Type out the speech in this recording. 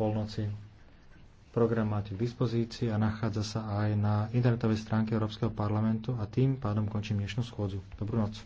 polnoci. Program máte k dispozícii a nachádza sa aj na internetovej stránke Európskeho parlamentu a tým pádom končím dnešnú schôdzu. Dobrú noc.